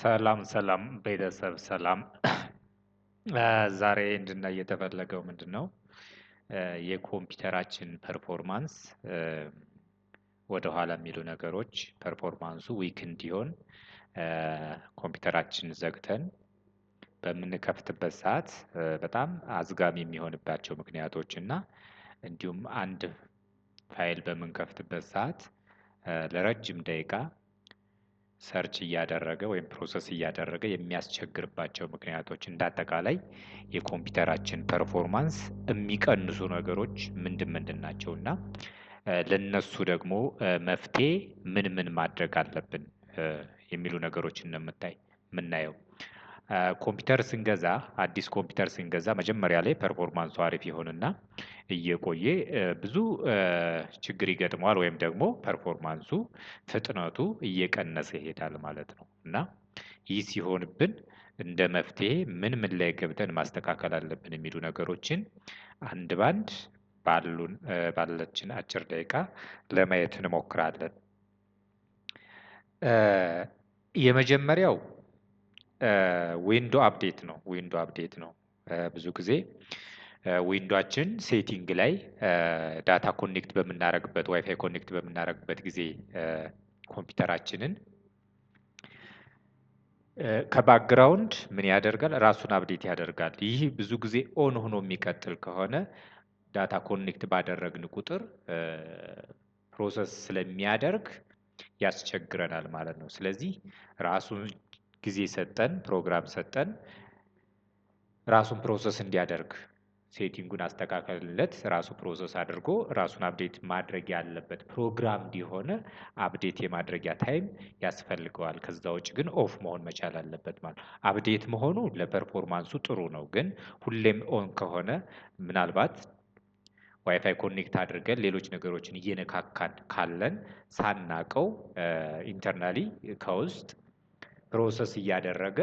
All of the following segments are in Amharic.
ሰላም ሰላም ቤተሰብ ሰላም። ዛሬ እንድናይ የተፈለገው ምንድን ነው? የኮምፒውተራችን ፐርፎርማንስ ወደኋላ የሚሉ ነገሮች ፐርፎርማንሱ ዊክ እንዲሆን ኮምፒውተራችን ዘግተን በምንከፍትበት ሰዓት በጣም አዝጋሚ የሚሆንባቸው ምክንያቶች እና እንዲሁም አንድ ፋይል በምንከፍትበት ሰዓት ለረጅም ደቂቃ ሰርች እያደረገ ወይም ፕሮሰስ እያደረገ የሚያስቸግርባቸው ምክንያቶች እንዳጠቃላይ የኮምፒውተራችን ፐርፎርማንስ የሚቀንሱ ነገሮች ምንድን ምንድን ናቸው እና ለነሱ ደግሞ መፍትሄ ምን ምን ማድረግ አለብን የሚሉ ነገሮችን ነው የምታይ የምናየው። ኮምፒውተር ስንገዛ አዲስ ኮምፒውተር ስንገዛ መጀመሪያ ላይ ፐርፎርማንሱ አሪፍ ይሆንና እየቆየ ብዙ ችግር ይገጥመዋል ወይም ደግሞ ፐርፎርማንሱ ፍጥነቱ እየቀነሰ ይሄዳል ማለት ነው። እና ይህ ሲሆንብን እንደ መፍትሄ ምን ምን ላይ ገብተን ማስተካከል አለብን የሚሉ ነገሮችን አንድ ባንድ ባሉን ባለችን አጭር ደቂቃ ለማየት እንሞክራለን። የመጀመሪያው ዊንዶ አፕዴት ነው። ዊንዶ አፕዴት ነው። ብዙ ጊዜ ዊንዶችን ሴቲንግ ላይ ዳታ ኮኔክት በምናደርግበት ዋይፋይ ኮኔክት በምናደርግበት ጊዜ ኮምፒውተራችንን ከባክግራውንድ ምን ያደርጋል? ራሱን አፕዴት ያደርጋል። ይህ ብዙ ጊዜ ኦን ሆኖ የሚቀጥል ከሆነ ዳታ ኮኔክት ባደረግን ቁጥር ፕሮሰስ ስለሚያደርግ ያስቸግረናል ማለት ነው። ስለዚህ ራሱን ጊዜ ሰጠን፣ ፕሮግራም ሰጠን። ራሱን ፕሮሰስ እንዲያደርግ ሴቲንጉን አስተካከልለት። ራሱ ፕሮሰስ አድርጎ ራሱን አፕዴት ማድረግ ያለበት ፕሮግራም እንዲሆነ አፕዴት የማድረጊያ ታይም ያስፈልገዋል። ከዛ ውጭ ግን ኦፍ መሆን መቻል አለበት ማለት አፕዴት መሆኑ ለፐርፎርማንሱ ጥሩ ነው፣ ግን ሁሌም ኦን ከሆነ ምናልባት ዋይፋይ ኮኔክት አድርገን ሌሎች ነገሮችን እየነካካን ካለን ሳናቀው ኢንተርናሊ ከውስጥ ፕሮሰስ እያደረገ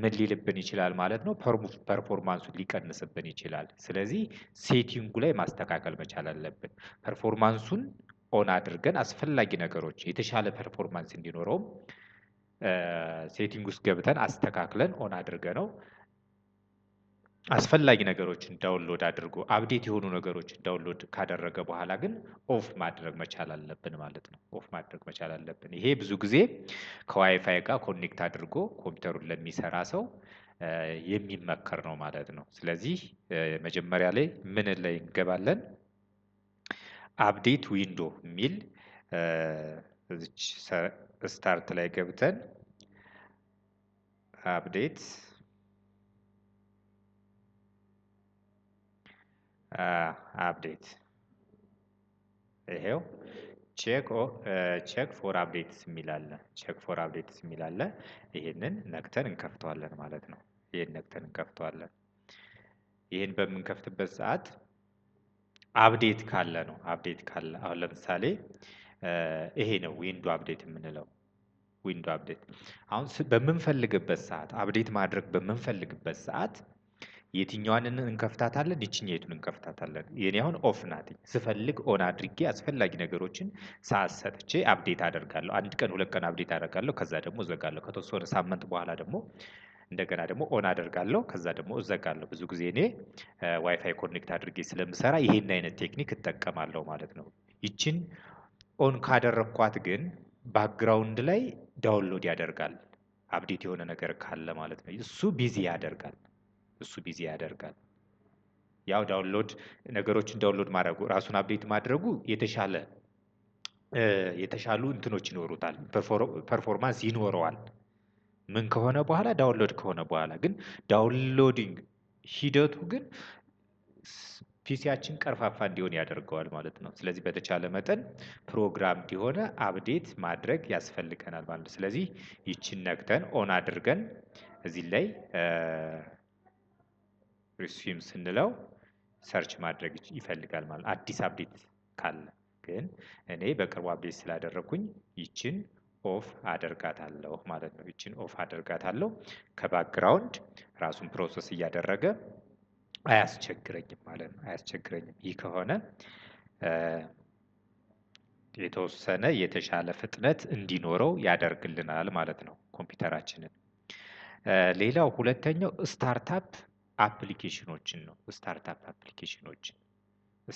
ምን ሊልብን ይችላል ማለት ነው፣ ፐርፎርማንሱን ሊቀንስብን ይችላል። ስለዚህ ሴቲንጉ ላይ ማስተካከል መቻል አለብን። ፐርፎርማንሱን ኦን አድርገን አስፈላጊ ነገሮች የተሻለ ፐርፎርማንስ እንዲኖረውም ሴቲንግ ውስጥ ገብተን አስተካክለን ኦን አድርገ ነው አስፈላጊ ነገሮችን ዳውንሎድ አድርጎ አብዴት የሆኑ ነገሮችን ዳውንሎድ ካደረገ በኋላ ግን ኦፍ ማድረግ መቻል አለብን ማለት ነው። ኦፍ ማድረግ መቻል አለብን። ይሄ ብዙ ጊዜ ከዋይፋይ ጋር ኮኔክት አድርጎ ኮምፒውተሩን ለሚሰራ ሰው የሚመከር ነው ማለት ነው። ስለዚህ መጀመሪያ ላይ ምን ላይ እንገባለን? አፕዴት ዊንዶ የሚል ስታርት ላይ ገብተን አፕዴት አፕዴት uh, ይሄው ቼክ ፎር አፕዴትስ የሚል ቼክ ፎር አፕዴትስ የሚል ይሄንን ነክተን እንከፍተዋለን ማለት ነው። ይሄን ነክተን እንከፍተዋለን። ይሄን በምንከፍትበት ሰዓት አፕዴት ካለ ነው። አፕዴት ካለ አሁን ለምሳሌ uh, ይሄ ነው ዊንዶ አፕዴት የምንለው ዊንዶ አፕዴት። አሁን በምንፈልግበት ሰዓት አፕዴት ማድረግ በምንፈልግበት ሰዓት የትኛዋን እንከፍታታለን? ይችኛይቱን እንከፍታታለን። የኔ አሁን ኦፍ ናትኝ። ስፈልግ ኦን አድርጌ አስፈላጊ ነገሮችን ሰዓት ሰጥቼ አብዴት አደርጋለሁ። አንድ ቀን ሁለት ቀን አብዴት አደርጋለሁ። ከዛ ደግሞ እዘጋለሁ። ከተወሰነ ሳምንት በኋላ ደግሞ እንደገና ደግሞ ኦን አደርጋለሁ። ከዛ ደግሞ እዘጋለሁ። ብዙ ጊዜ እኔ ዋይፋይ ኮኔክት አድርጌ ስለምሰራ ይሄን አይነት ቴክኒክ እጠቀማለሁ ማለት ነው። ይችን ኦን ካደረግኳት ግን ባክግራውንድ ላይ ዳውንሎድ ያደርጋል አብዴት የሆነ ነገር ካለ ማለት ነው። እሱ ቢዚ ያደርጋል። እሱ ቢዚ ያደርጋል። ያው ዳውንሎድ ነገሮችን ዳውንሎድ ማድረጉ ራሱን አፕዴት ማድረጉ የተሻለ የተሻሉ እንትኖች ይኖሩታል፣ ፐርፎርማንስ ይኖረዋል። ምን ከሆነ በኋላ ዳውንሎድ ከሆነ በኋላ ግን ዳውንሎዲንግ ሂደቱ ግን ፒሲያችን ቀርፋፋ እንዲሆን ያደርገዋል ማለት ነው። ስለዚህ በተቻለ መጠን ፕሮግራም እንዲሆነ አፕዴት ማድረግ ያስፈልገናል ማለት ነው። ስለዚህ ይችን ነክተን ኦን አድርገን እዚህ ላይ ሪሱም ስንለው ሰርች ማድረግ ይፈልጋል ማለት አዲስ አፕዴት ካለ ግን እኔ በቅርቡ አፕዴት ስላደረግኩኝ ይችን ኦፍ አደርጋታለሁ ማለት ነው። ይችን ኦፍ አደርጋታለሁ ከባክግራውንድ ራሱን ፕሮሰስ እያደረገ አያስቸግረኝም ማለት ነው። አያስቸግረኝም። ይህ ከሆነ የተወሰነ የተሻለ ፍጥነት እንዲኖረው ያደርግልናል ማለት ነው ኮምፒውተራችንን። ሌላው ሁለተኛው ስታርታፕ አፕሊኬሽኖችን ነው። ስታርታፕ አፕሊኬሽኖችን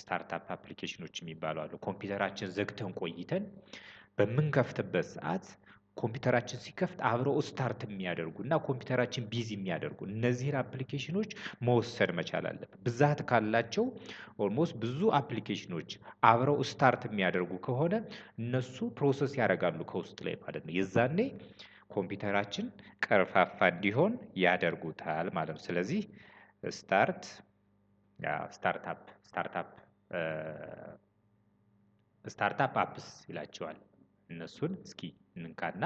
ስታርታፕ አፕሊኬሽኖች የሚባሉ አሉ። ኮምፒውተራችን ዘግተን ቆይተን በምንከፍትበት ሰዓት ኮምፒውተራችን ሲከፍት አብረው ስታርት የሚያደርጉ እና ኮምፒውተራችን ቢዚ የሚያደርጉ እነዚህን አፕሊኬሽኖች መወሰድ መቻል አለብን። ብዛት ካላቸው ኦልሞስት ብዙ አፕሊኬሽኖች አብረው ስታርት የሚያደርጉ ከሆነ እነሱ ፕሮሰስ ያደርጋሉ ከውስጥ ላይ ማለት ነው። የዛኔ ኮምፒውተራችን ቀርፋፋ እንዲሆን ያደርጉታል ማለት ነው። ስለዚህ ስታርት ስታርታፕ ስታርታፕ ስታርታፕ አፕስ ይላቸዋል። እነሱን እስኪ እንንካና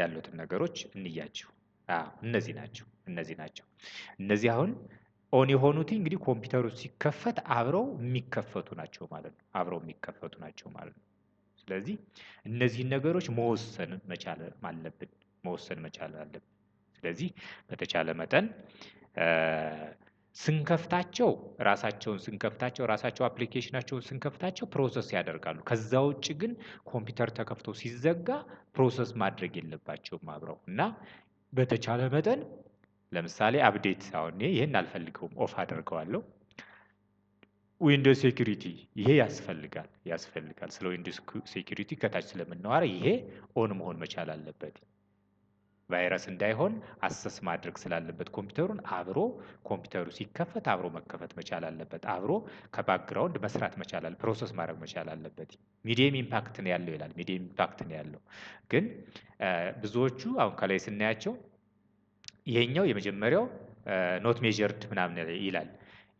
ያሉትን ነገሮች እንያቸው። እነዚህ ናቸው እነዚህ ናቸው እነዚህ አሁን ኦን የሆኑት እንግዲህ ኮምፒውተሩ ሲከፈት አብረው የሚከፈቱ ናቸው ማለት ነው። አብረው የሚከፈቱ ናቸው ማለት ነው። ስለዚህ እነዚህን ነገሮች መወሰን መቻል አለብን። መወሰን መቻል አለብን። ስለዚህ በተቻለ መጠን ስንከፍታቸው ራሳቸውን ስንከፍታቸው ራሳቸው አፕሊኬሽናቸውን ስንከፍታቸው ፕሮሰስ ያደርጋሉ። ከዛ ውጭ ግን ኮምፒውተር ተከፍቶ ሲዘጋ ፕሮሰስ ማድረግ የለባቸውም አብረው እና በተቻለ መጠን ለምሳሌ አፕዴት አሁን ይህን አልፈልገውም ኦፍ አደርገዋለሁ። ዊንዶ ሴኪሪቲ ይሄ ያስፈልጋል ያስፈልጋል። ስለ ዊንዶ ሴኪሪቲ ከታች ስለምናወራ ይሄ ኦን መሆን መቻል አለበት። ቫይረስ እንዳይሆን አሰስ ማድረግ ስላለበት ኮምፒውተሩን አብሮ ኮምፒውተሩ ሲከፈት አብሮ መከፈት መቻል አለበት። አብሮ ከባክግራውንድ መስራት መቻል ፕሮሰስ ማድረግ መቻል አለበት። ሚዲየም ኢምፓክት ነው ያለው ይላል። ሚዲየም ኢምፓክት ነው ያለው ግን ብዙዎቹ አሁን ከላይ ስናያቸው ይሄኛው የመጀመሪያው ኖት ሜጀርድ ምናምን ይላል።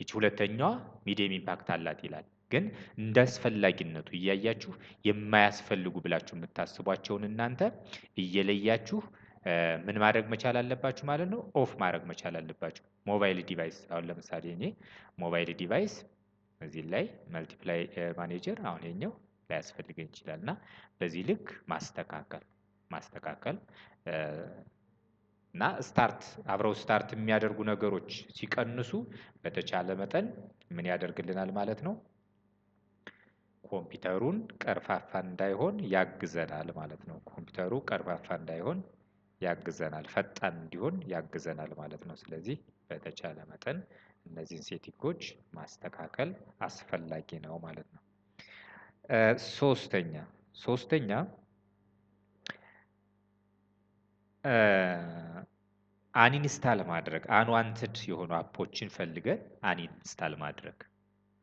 ይቺ ሁለተኛዋ ሚዲየም ኢምፓክት አላት ይላል። ግን እንደ አስፈላጊነቱ እያያችሁ የማያስፈልጉ ብላችሁ የምታስቧቸውን እናንተ እየለያችሁ ምን ማድረግ መቻል አለባችሁ ማለት ነው። ኦፍ ማድረግ መቻል አለባችሁ። ሞባይል ዲቫይስ አሁን ለምሳሌ እኔ ሞባይል ዲቫይስ እዚህ ላይ መልቲፕላይ ማኔጀር አሁን የኛው ላያስፈልገን ይችላል እና በዚህ ልክ ማስተካከል ማስተካከል እና ስታርት አብረው ስታርት የሚያደርጉ ነገሮች ሲቀንሱ በተቻለ መጠን ምን ያደርግልናል ማለት ነው። ኮምፒውተሩን ቀርፋፋ እንዳይሆን ያግዘናል ማለት ነው። ኮምፒውተሩ ቀርፋፋ እንዳይሆን ያግዘናል፣ ፈጣን እንዲሆን ያግዘናል ማለት ነው። ስለዚህ በተቻለ መጠን እነዚህን ሴቲንጎች ማስተካከል አስፈላጊ ነው ማለት ነው። ሶስተኛ ሶስተኛ አኒንስታል ማድረግ አንዋንትድ የሆኑ አፖችን ፈልገን አኒንስታል ማድረግ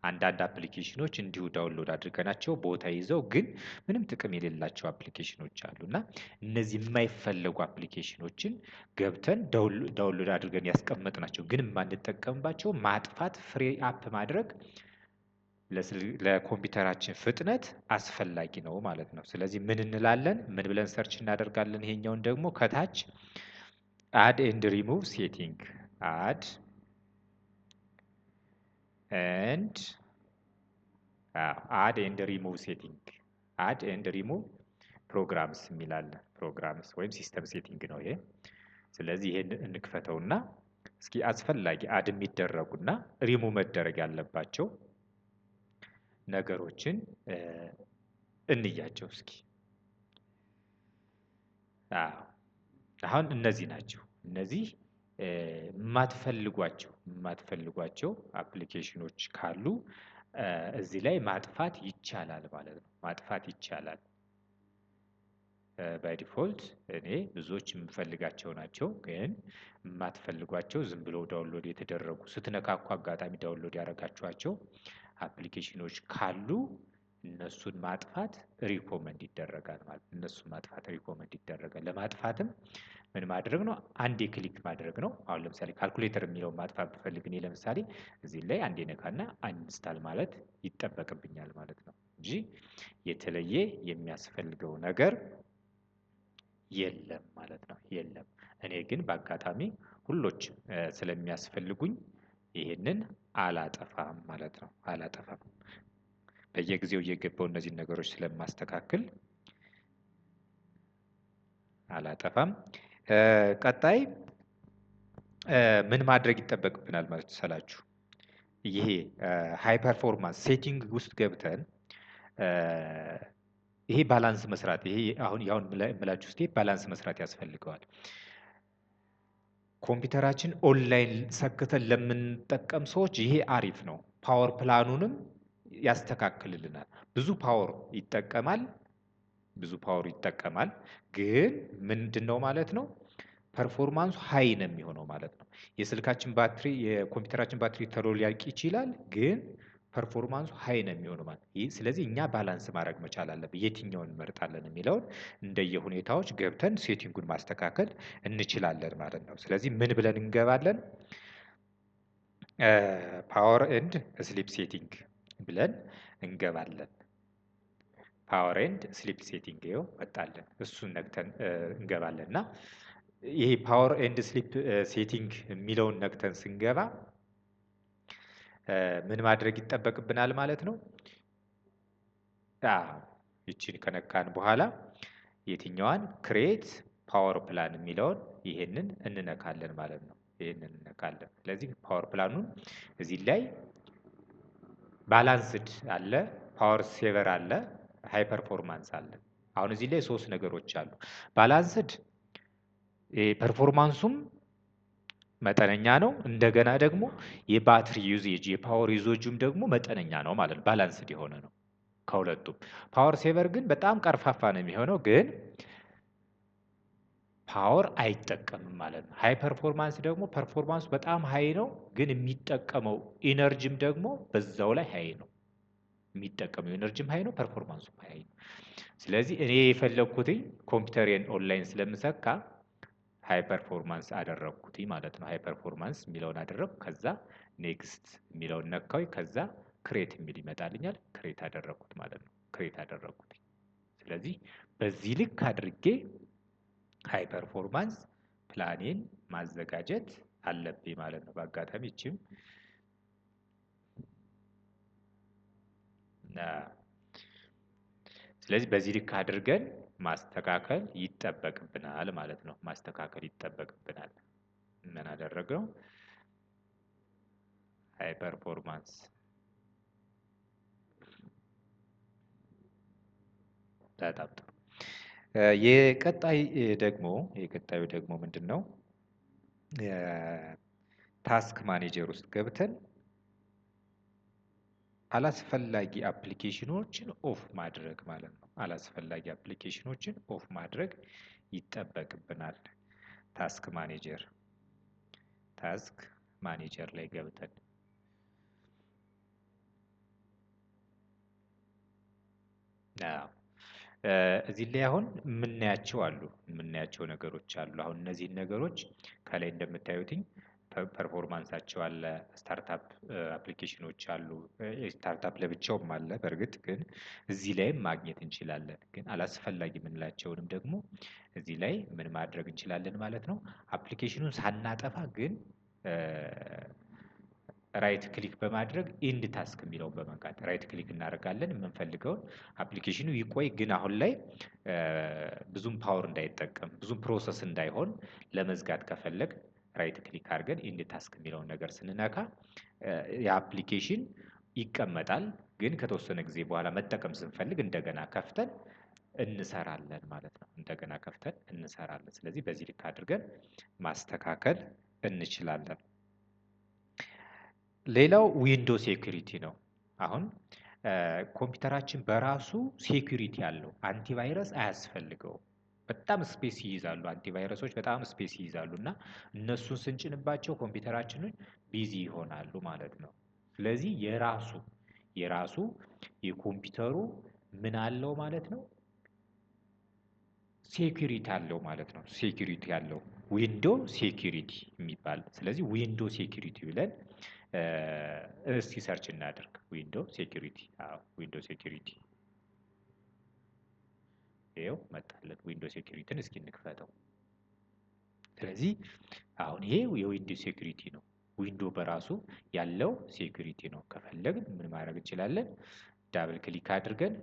አንዳንድ አፕሊኬሽኖች እንዲሁ ዳውንሎድ አድርገናቸው ቦታ ይዘው ግን ምንም ጥቅም የሌላቸው አፕሊኬሽኖች አሉ እና እነዚህ የማይፈለጉ አፕሊኬሽኖችን ገብተን ዳውንሎድ አድርገን ያስቀመጥ ናቸው ግን የማንጠቀምባቸው ማጥፋት፣ ፍሪ አፕ ማድረግ ለኮምፒውተራችን ፍጥነት አስፈላጊ ነው ማለት ነው። ስለዚህ ምን እንላለን? ምን ብለን ሰርች እናደርጋለን? ይሄኛውን ደግሞ ከታች አድ ኤንድ ሪሙቭ ሴቲንግ አድ ኤንድ አድ ኤንድ ሪሙቭ ሴቲንግ አድ ኤንድ ሪሙቭ ፕሮግራምስ የሚላለ ፕሮግራምስ ወይም ሲስተም ሴቲንግ ነው ይሄ። ስለዚህ ይሄን እንክፈተውና እስኪ አስፈላጊ አድ የሚደረጉና ሪሙቭ መደረግ ያለባቸው ነገሮችን እንያቸው እስኪ። አሁን እነዚህ ናቸው እነዚህ ማትፈልጓቸው ማትፈልጓቸው አፕሊኬሽኖች ካሉ እዚህ ላይ ማጥፋት ይቻላል ማለት ነው። ማጥፋት ይቻላል። ባይ ዲፎልት እኔ ብዙዎች የምፈልጋቸው ናቸው፣ ግን የማትፈልጓቸው ዝም ብሎ ዳውንሎድ የተደረጉ ስትነካኩ አጋጣሚ ዳውንሎድ ያደረጋችኋቸው አፕሊኬሽኖች ካሉ እነሱን ማጥፋት ሪኮመንድ ይደረጋል ማለት እነሱን ማጥፋት ሪኮመንድ ይደረጋል። ለማጥፋትም ምን ማድረግ ነው? አንዴ ክሊክ ማድረግ ነው። አሁን ለምሳሌ ካልኩሌተር የሚለውን ማጥፋት ብፈልግ እኔ ለምሳሌ እዚህ ላይ አንዴ ነካና አንስታል ማለት ይጠበቅብኛል ማለት ነው እንጂ የተለየ የሚያስፈልገው ነገር የለም ማለት ነው። የለም እኔ ግን በአጋጣሚ ሁሎች ስለሚያስፈልጉኝ ይህንን አላጠፋም ማለት ነው። አላጠፋም በየጊዜው እየገባው እነዚህን ነገሮች ስለማስተካክል አላጠፋም። ቀጣይ ምን ማድረግ ይጠበቅብናል ማለት ይሄ ሃይ ፐርፎርማንስ ሴቲንግ ውስጥ ገብተን ይሄ ባላንስ መስራት ይሄ አሁን ያሁን የምላችሁ ስቴ ባላንስ መስራት ያስፈልገዋል። ኮምፒውተራችን ኦንላይን ሰክተን ለምንጠቀም ሰዎች ይሄ አሪፍ ነው። ፓወር ፕላኑንም ያስተካክልልናል። ብዙ ፓወር ይጠቀማል። ብዙ ፓወር ይጠቀማል። ግን ምንድን ነው ማለት ነው ፐርፎርማንሱ ሀይ ነው የሚሆነው ማለት ነው። የስልካችን ባትሪ የኮምፒውተራችን ባትሪ ተሎ ሊያልቅ ይችላል፣ ግን ፐርፎርማንሱ ሀይ ነው የሚሆነው ማለት ነው። ስለዚህ እኛ ባላንስ ማድረግ መቻል አለብን። የትኛውን እንመርጣለን የሚለውን እንደየሁኔታዎች ገብተን ሴቲንጉን ማስተካከል እንችላለን ማለት ነው። ስለዚህ ምን ብለን እንገባለን? ፓወር ኤንድ ስሊፕ ሴቲንግ ብለን እንገባለን። ፓወር ኤንድ ስሊፕ ሴቲንግ ይኸው መጣለን። እሱን ነግተን እንገባለን እና ይሄ ፓወር ኤንድ ስሊፕ ሴቲንግ የሚለውን ነግተን ስንገባ ምን ማድረግ ይጠበቅብናል ማለት ነው። ይችን ከነካን በኋላ የትኛዋን ክሬት ፓወር ፕላን የሚለውን ይሄንን እንነካለን ማለት ነው። ይሄንን እንነካለን። ስለዚህ ፓወር ፕላኑን እዚህ ላይ ባላንስድ አለ፣ ፓወር ሴቨር አለ ሃይ ፐርፎርማንስ አለ። አሁን እዚህ ላይ ሶስት ነገሮች አሉ። ባላንስድ ፐርፎርማንሱም መጠነኛ ነው። እንደገና ደግሞ የባትሪ ዩዜጅ የፓወር ዩዜጁም ደግሞ መጠነኛ ነው ማለት ነው። ባላንስድ የሆነ ነው ከሁለቱም። ፓወር ሴቨር ግን በጣም ቀርፋፋ ነው የሚሆነው፣ ግን ፓወር አይጠቀምም ማለት ነው። ሃይ ፐርፎርማንስ ደግሞ ፐርፎርማንሱ በጣም ሀይ ነው፣ ግን የሚጠቀመው ኢነርጂም ደግሞ በዛው ላይ ሀይ ነው። የሚጠቀመው ኤነርጂም ሀይ ነው፣ ፐርፎርማንሱም ሀይ ነው። ስለዚህ እኔ የፈለግኩትኝ ኮምፒውተሬን ኦንላይን ስለምሰካ ሃይ ፐርፎርማንስ አደረግኩት ማለት ነው። ሀይ ፐርፎርማንስ የሚለውን አደረግኩ። ከዛ ኔክስት የሚለውን ነካዊ። ከዛ ክሬት የሚል ይመጣልኛል። ክሬት አደረግኩት ማለት ነው። ክሬት አደረግኩት። ስለዚህ በዚህ ልክ አድርጌ ሃይ ፐርፎርማንስ ፕላኔን ማዘጋጀት አለብኝ ማለት ነው። በአጋጣሚ እችም ስለዚህ በዚህ ልክ አድርገን ማስተካከል ይጠበቅብናል ማለት ነው። ማስተካከል ይጠበቅብናል። ምን አደረገው? ሃይ ፐርፎርማንስ በጣም ጥሩ። የቀጣይ ደግሞ የቀጣዩ ደግሞ ምንድን ነው? ታስክ ማኔጀር ውስጥ ገብተን አላስፈላጊ አፕሊኬሽኖችን ኦፍ ማድረግ ማለት ነው። አላስፈላጊ አፕሊኬሽኖችን ኦፍ ማድረግ ይጠበቅብናል። ታስክ ማኔጀር ታስክ ማኔጀር ላይ ገብተን እዚህ ላይ አሁን የምናያቸው አሉ የምናያቸው ነገሮች አሉ። አሁን እነዚህን ነገሮች ከላይ እንደምታዩትኝ ፐርፎርማንሳቸው አለ፣ ስታርታፕ አፕሊኬሽኖች አሉ። ስታርታፕ ለብቻውም አለ። በእርግጥ ግን እዚህ ላይም ማግኘት እንችላለን። ግን አላስፈላጊ የምንላቸውንም ደግሞ እዚህ ላይ ምን ማድረግ እንችላለን ማለት ነው። አፕሊኬሽኑን ሳናጠፋ ግን ራይት ክሊክ በማድረግ ኢንድ ታስክ የሚለውን በመንካት ራይት ክሊክ እናደርጋለን። የምንፈልገውን አፕሊኬሽኑ ይቆይ፣ ግን አሁን ላይ ብዙም ፓወር እንዳይጠቀም ብዙም ፕሮሰስ እንዳይሆን ለመዝጋት ከፈለግ ራይት ክሊክ አድርገን ኢንድ ታስክ የሚለውን ነገር ስንነካ የአፕሊኬሽን ይቀመጣል። ግን ከተወሰነ ጊዜ በኋላ መጠቀም ስንፈልግ እንደገና ከፍተን እንሰራለን ማለት ነው። እንደገና ከፍተን እንሰራለን። ስለዚህ በዚህ ልክ አድርገን ማስተካከል እንችላለን። ሌላው ዊንዶ ሴኩሪቲ ነው። አሁን ኮምፒውተራችን በራሱ ሴኩሪቲ አለው። አንቲቫይረስ አያስፈልገውም። በጣም ስፔስ ይይዛሉ። አንቲቫይረሶች በጣም ስፔስ ይይዛሉ እና እነሱን ስንጭንባቸው ኮምፒውተራችንን ቢዚ ይሆናሉ ማለት ነው። ስለዚህ የራሱ የራሱ የኮምፒውተሩ ምን አለው ማለት ነው? ሴኪሪቲ አለው ማለት ነው። ሴኪሪቲ አለው ዊንዶ ሴኪሪቲ የሚባል ስለዚህ ዊንዶ ሴኪሪቲ ብለን እስቲ ሰርች እናደርግ። ዊንዶ ሴኪሪቲ ዊንዶ ሴኪሪቲ ይኸው መጣለን። ዊንዶ ሴኩሪቲን እስኪ እንክፈተው። ስለዚህ አሁን ይሄ የዊንዶ ሴኩሪቲ ነው። ዊንዶ በራሱ ያለው ሴኩሪቲ ነው። ከፈለግን ምን ማድረግ እንችላለን? ዳብል ክሊክ አድርገን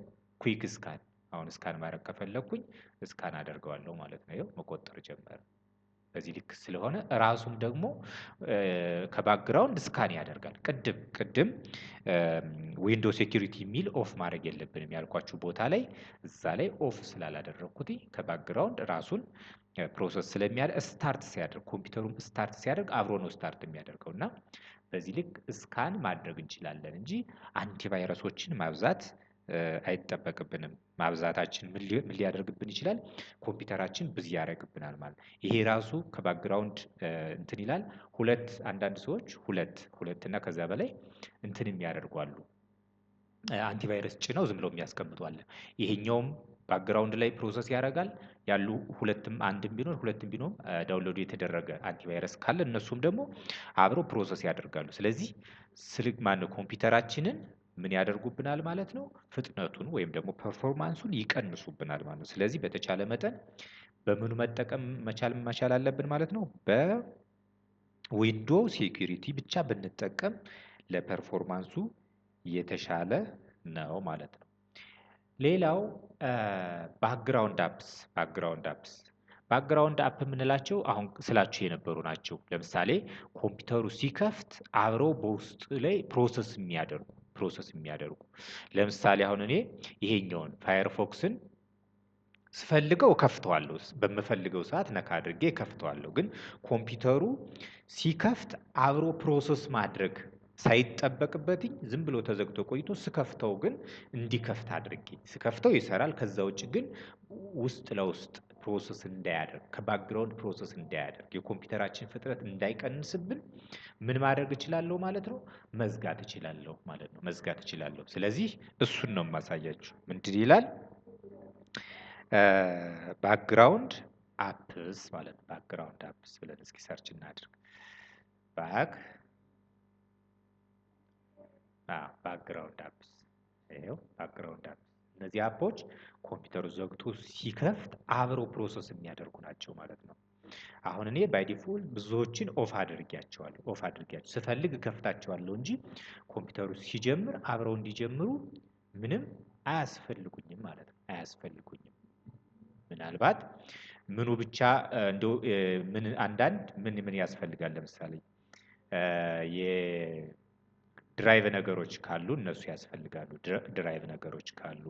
ኩዊክ ስካን አሁን ስካን ማድረግ ከፈለግኩኝ ስካን አደርገዋለሁ ማለት ነው። ይኸው መቆጠር ጀመረ። በዚህ ልክ ስለሆነ ራሱም ደግሞ ከባክግራውንድ ስካን ያደርጋል። ቅድም ቅድም ዊንዶ ሴኪሪቲ የሚል ኦፍ ማድረግ የለብንም ያልኳችሁ ቦታ ላይ እዛ ላይ ኦፍ ስላላደረግኩት ከባክግራውንድ ራሱን ፕሮሰስ ስለሚያደርግ ስታርት ሲያደርግ ኮምፒውተሩም ስታርት ሲያደርግ አብሮ ነው ስታርት የሚያደርገው እና በዚህ ልክ ስካን ማድረግ እንችላለን እንጂ አንቲቫይረሶችን ማብዛት አይጠበቅብንም ማብዛታችን ምን ሊያደርግብን ይችላል? ኮምፒውተራችን ብዙ ያደርግብናል ማለት ነው። ይሄ ራሱ ከባክግራውንድ እንትን ይላል ሁለት አንዳንድ ሰዎች ሁለት ሁለት እና ከዛ በላይ እንትንም ያደርጓሉ። አንቲቫይረስ ጭነው ዝም ብለው የሚያስቀምጡ ይሄኛውም ባክግራውንድ ላይ ፕሮሰስ ያደርጋል ያሉ ሁለትም አንድም ቢኖር ሁለትም ቢኖር ዳውንሎድ የተደረገ አንቲቫይረስ ካለ እነሱም ደግሞ አብረው ፕሮሰስ ያደርጋሉ። ስለዚህ ስልክ ማነው ኮምፒውተራችንን ምን ያደርጉብናል ማለት ነው? ፍጥነቱን ወይም ደግሞ ፐርፎርማንሱን ይቀንሱብናል ማለት ነው። ስለዚህ በተቻለ መጠን በምኑ መጠቀም መቻል መቻል አለብን ማለት ነው። በዊንዶ ሴኩሪቲ ብቻ ብንጠቀም ለፐርፎርማንሱ የተሻለ ነው ማለት ነው። ሌላው ባክግራውንድ አፕስ ባክግራውንድ አፕስ ባክግራውንድ አፕ የምንላቸው አሁን ስላችሁ የነበሩ ናቸው። ለምሳሌ ኮምፒውተሩ ሲከፍት አብረው በውስጡ ላይ ፕሮሰስ የሚያደርጉ ፕሮሰስ የሚያደርጉ ለምሳሌ አሁን እኔ ይሄኛውን ፋየርፎክስን ስፈልገው ከፍተዋለሁ። በምፈልገው ሰዓት ነካ አድርጌ ከፍተዋለሁ። ግን ኮምፒውተሩ ሲከፍት አብሮ ፕሮሰስ ማድረግ ሳይጠበቅበትኝ ዝም ብሎ ተዘግቶ ቆይቶ ስከፍተው ግን እንዲከፍት አድርጌ ስከፍተው ይሰራል። ከዛ ውጭ ግን ውስጥ ለውስጥ ፕሮሰስ እንዳያደርግ ከባክግራውንድ ፕሮሰስ እንዳያደርግ የኮምፒውተራችን ፍጥነት እንዳይቀንስብን ምን ማድረግ እችላለሁ ማለት ነው፣ መዝጋት እችላለሁ ማለት ነው። መዝጋት እችላለሁ። ስለዚህ እሱን ነው የማሳያችሁ። ምንድን ይላል ባክግራውንድ አፕስ ማለት ነው። ባክግራውንድ አፕስ ብለን እስኪ ሰርች እናድርግ። ባክ ባክግራውንድ አፕስ ይኸው ባክግራውንድ አፕስ እነዚህ አፖች ኮምፒውተሩ ዘግቶ ሲከፍት አብረው ፕሮሰስ የሚያደርጉ ናቸው ማለት ነው። አሁን እኔ ባይዲፎል ብዙዎችን ኦፍ አድርጊያቸዋለሁ ኦፍ አድርጊያቸው ስፈልግ ከፍታቸዋለሁ እንጂ ኮምፒውተሩ ሲጀምር አብረው እንዲጀምሩ ምንም አያስፈልጉኝም ማለት ነው። አያስፈልጉኝም። ምናልባት ምኑ ብቻ እንደው ምን አንዳንድ ምን ምን ያስፈልጋል ለምሳሌ ድራይቭ ነገሮች ካሉ እነሱ ያስፈልጋሉ። ድራይቭ ነገሮች ካሉ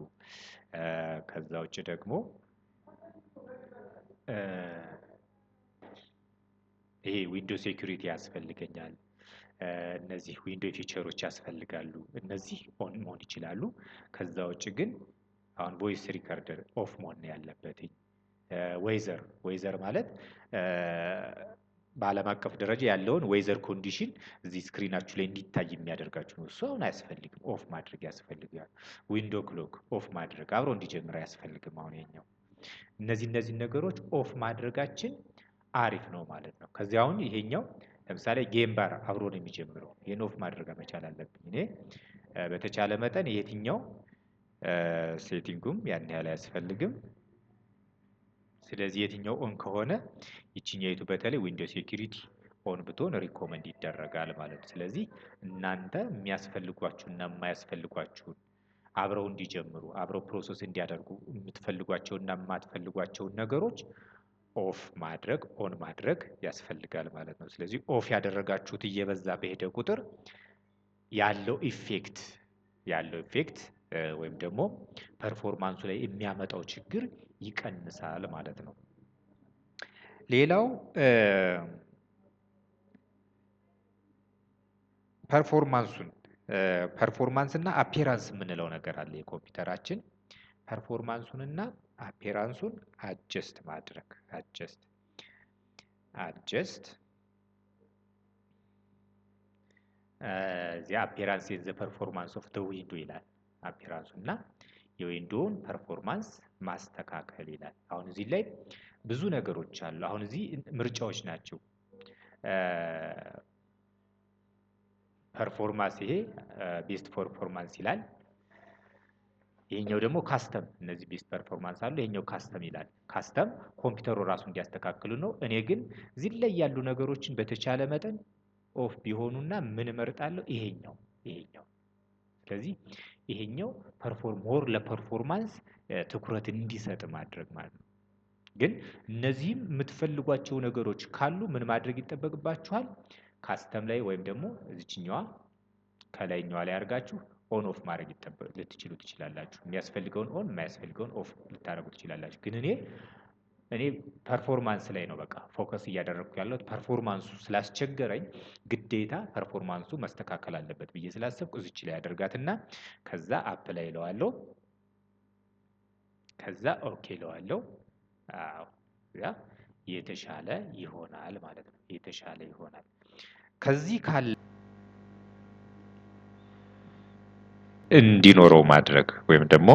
ከዛ ውጭ ደግሞ ይሄ ዊንዶ ሴኩሪቲ ያስፈልገኛል። እነዚህ ዊንዶ ፊቸሮች ያስፈልጋሉ። እነዚህ ኦን መሆን ይችላሉ። ከዛ ውጭ ግን አሁን ቮይስ ሪከርደር ኦፍ መሆን ያለበትኝ። ወይዘር ወይዘር ማለት በዓለም አቀፍ ደረጃ ያለውን ወይዘር ኮንዲሽን እዚህ ስክሪናችሁ ላይ እንዲታይ የሚያደርጋችሁ ነው። እሱ አሁን አያስፈልግም፣ ኦፍ ማድረግ ያስፈልጋል። ዊንዶ ክሎክ ኦፍ ማድረግ አብሮ እንዲጀምር አያስፈልግም። አሁን የኛው እነዚህ እነዚህ ነገሮች ኦፍ ማድረጋችን አሪፍ ነው ማለት ነው። ከዚህ አሁን ይሄኛው ለምሳሌ ጌም ባር አብሮ ነው የሚጀምረው። ይህን ኦፍ ማድረግ መቻል አለብኝ እኔ በተቻለ መጠን የትኛው ሴቲንጉም ያን ያህል አያስፈልግም። ስለዚህ የትኛው ኦን ከሆነ ይችኛይቱ በተለይ ዊንዶ ሴኪሪቲ ኦን ብትሆን ሪኮመንድ ይደረጋል ማለት ነው። ስለዚህ እናንተ የሚያስፈልጓችሁና የማያስፈልጓችሁን አብረው እንዲጀምሩ አብረው ፕሮሰስ እንዲያደርጉ የምትፈልጓቸውና የማትፈልጓቸውን ነገሮች ኦፍ ማድረግ ኦን ማድረግ ያስፈልጋል ማለት ነው። ስለዚህ ኦፍ ያደረጋችሁት እየበዛ በሄደ ቁጥር ያለው ኢፌክት ያለው ኢፌክት ወይም ደግሞ ፐርፎርማንሱ ላይ የሚያመጣው ችግር ይቀንሳል ማለት ነው። ሌላው ፐርፎርማንሱን ፐርፎርማንስ እና አፔራንስ የምንለው ነገር አለ። የኮምፒውተራችን ፐርፎርማንሱን እና አፔራንሱን አጀስት ማድረግ አጀስት አጀስት እዚያ አፔራንስ ዘ ፐርፎርማንስ ኦፍ ደ ዊንዶ ይላል አፔራንሱ እና የዊንዶውን ፐርፎርማንስ ማስተካከል ይላል። አሁን እዚህ ላይ ብዙ ነገሮች አሉ። አሁን እዚህ ምርጫዎች ናቸው። ፐርፎርማንስ ይሄ ቤስት ፐርፎርማንስ ይላል። ይሄኛው ደግሞ ካስተም፣ እነዚህ ቤስት ፐርፎርማንስ አሉ። ይሄኛው ካስተም ይላል። ካስተም ኮምፒውተሩ ራሱ እንዲያስተካክሉ ነው። እኔ ግን እዚህ ላይ ያሉ ነገሮችን በተቻለ መጠን ኦፍ ቢሆኑና ምን እመርጣለሁ? ይሄኛው ይሄኛው። ስለዚህ ይሄኛው ፐርፎርም ሞር ለፐርፎርማንስ ትኩረት እንዲሰጥ ማድረግ ማለት ነው። ግን እነዚህም የምትፈልጓቸው ነገሮች ካሉ ምን ማድረግ ይጠበቅባችኋል? ካስተም ላይ ወይም ደግሞ እዚችኛዋ ከላይኛዋ ላይ አድርጋችሁ ኦን ኦፍ ማድረግ ልትችሉ ትችላላችሁ። የሚያስፈልገውን ኦን የማያስፈልገውን ኦፍ ልታደረጉ ትችላላችሁ። ግን እኔ እኔ ፐርፎርማንስ ላይ ነው በቃ ፎከስ እያደረግኩ ያለሁት። ፐርፎርማንሱ ስላስቸገረኝ ግዴታ ፐርፎርማንሱ መስተካከል አለበት ብዬ ስላሰብኩ እዚች ላይ ያደርጋትና ከዛ አፕ ላይ ለዋለው ከዛ ኦኬ ለዋለው የተሻለ ይሆናል ማለት ነው። የተሻለ ይሆናል ከዚህ ካለ እንዲኖረው ማድረግ ወይም ደግሞ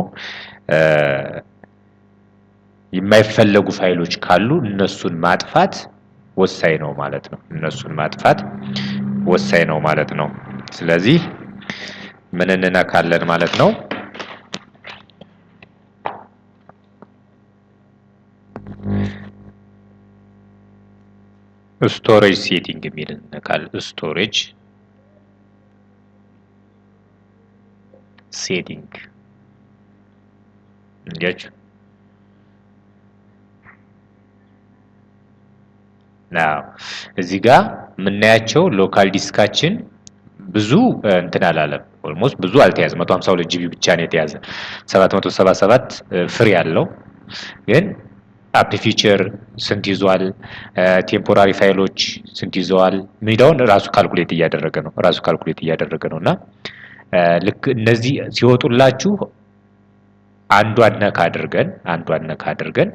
የማይፈለጉ ፋይሎች ካሉ እነሱን ማጥፋት ወሳኝ ነው ማለት ነው። እነሱን ማጥፋት ወሳኝ ነው ማለት ነው። ስለዚህ ምን እንነካለን ማለት ነው? ስቶሬጅ ሴቲንግ የሚል እንነካል። ስቶሬጅ ሴቲንግ እንዲያችሁ እዚህ ጋር የምናያቸው ሎካል ዲስካችን ብዙ እንትን አላለም። ኦልሞስት ብዙ አልተያዘ 152 ጂቢ ብቻ ነው የተያዘ። 777 ፍሪ ያለው ግን አፕ ፊቸር ስንት ይዟል፣ ቴምፖራሪ ፋይሎች ስንት ይዘዋል ሚዳውን ራሱ ካልኩሌት እያደረገ ነው ራሱ ካልኩሌት እያደረገ ነው እና ልክ እነዚህ ሲወጡላችሁ አንዷን ነካ አድርገን አንዷን ነካ አድርገን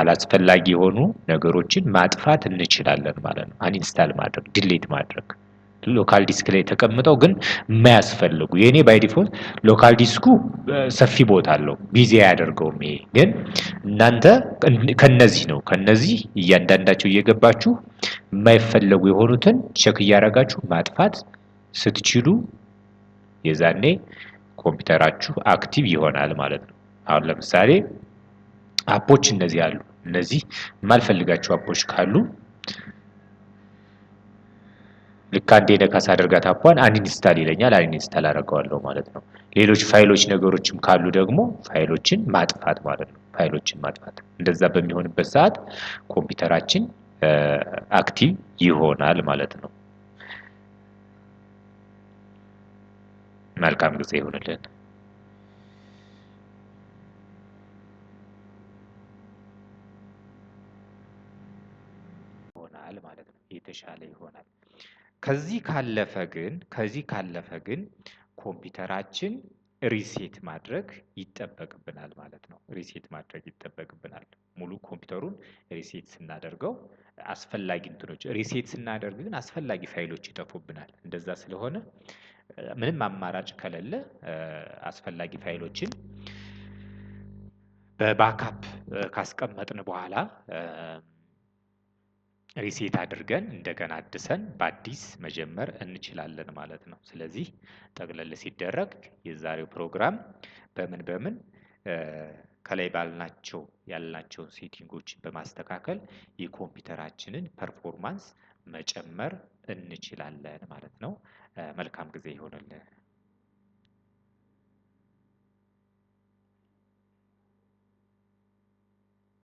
አላስፈላጊ የሆኑ ነገሮችን ማጥፋት እንችላለን ማለት ነው። አንኢንስታል ማድረግ፣ ድሌት ማድረግ ሎካል ዲስክ ላይ ተቀምጠው ግን የማያስፈልጉ የእኔ ባይ ዲፎልት ሎካል ዲስኩ ሰፊ ቦታ አለው ቢዚ አያደርገውም። ይሄ ግን እናንተ ከነዚህ ነው ከነዚህ እያንዳንዳቸው እየገባችሁ የማይፈለጉ የሆኑትን ቸክ እያደረጋችሁ ማጥፋት ስትችሉ የዛኔ ኮምፒውተራችሁ አክቲቭ ይሆናል ማለት ነው። አሁን ለምሳሌ አፖች እነዚህ አሉ። እነዚህ የማልፈልጋቸው አፖች ካሉ ልክ አንዴ ነካ ሳደርጋት አፖን አንኢንስታል ይለኛል። አንኢንስታል አደርገዋለሁ ማለት ነው። ሌሎች ፋይሎች ነገሮችም ካሉ ደግሞ ፋይሎችን ማጥፋት ማለት ነው። ፋይሎችን ማጥፋት እንደዛ በሚሆንበት ሰዓት ኮምፒውተራችን አክቲቭ ይሆናል ማለት ነው። መልካም ጊዜ ይሆንልን። የተሻለ ይሆናል። ከዚህ ካለፈ ግን ከዚህ ካለፈ ግን ኮምፒውተራችን ሪሴት ማድረግ ይጠበቅብናል ማለት ነው። ሪሴት ማድረግ ይጠበቅብናል። ሙሉ ኮምፒውተሩን ሪሴት ስናደርገው አስፈላጊ እንትኖች ሪሴት ስናደርግ ግን አስፈላጊ ፋይሎች ይጠፉብናል። እንደዛ ስለሆነ ምንም አማራጭ ከሌለ አስፈላጊ ፋይሎችን በባካፕ ካስቀመጥን በኋላ ሪሴት አድርገን እንደገና አድሰን በአዲስ መጀመር እንችላለን ማለት ነው። ስለዚህ ጠቅለል ሲደረግ የዛሬው ፕሮግራም በምን በምን ከላይ ባልናቸው ያልናቸውን ሴቲንጎችን በማስተካከል የኮምፒውተራችንን ፐርፎርማንስ መጨመር እንችላለን ማለት ነው። መልካም ጊዜ ይሆንልን።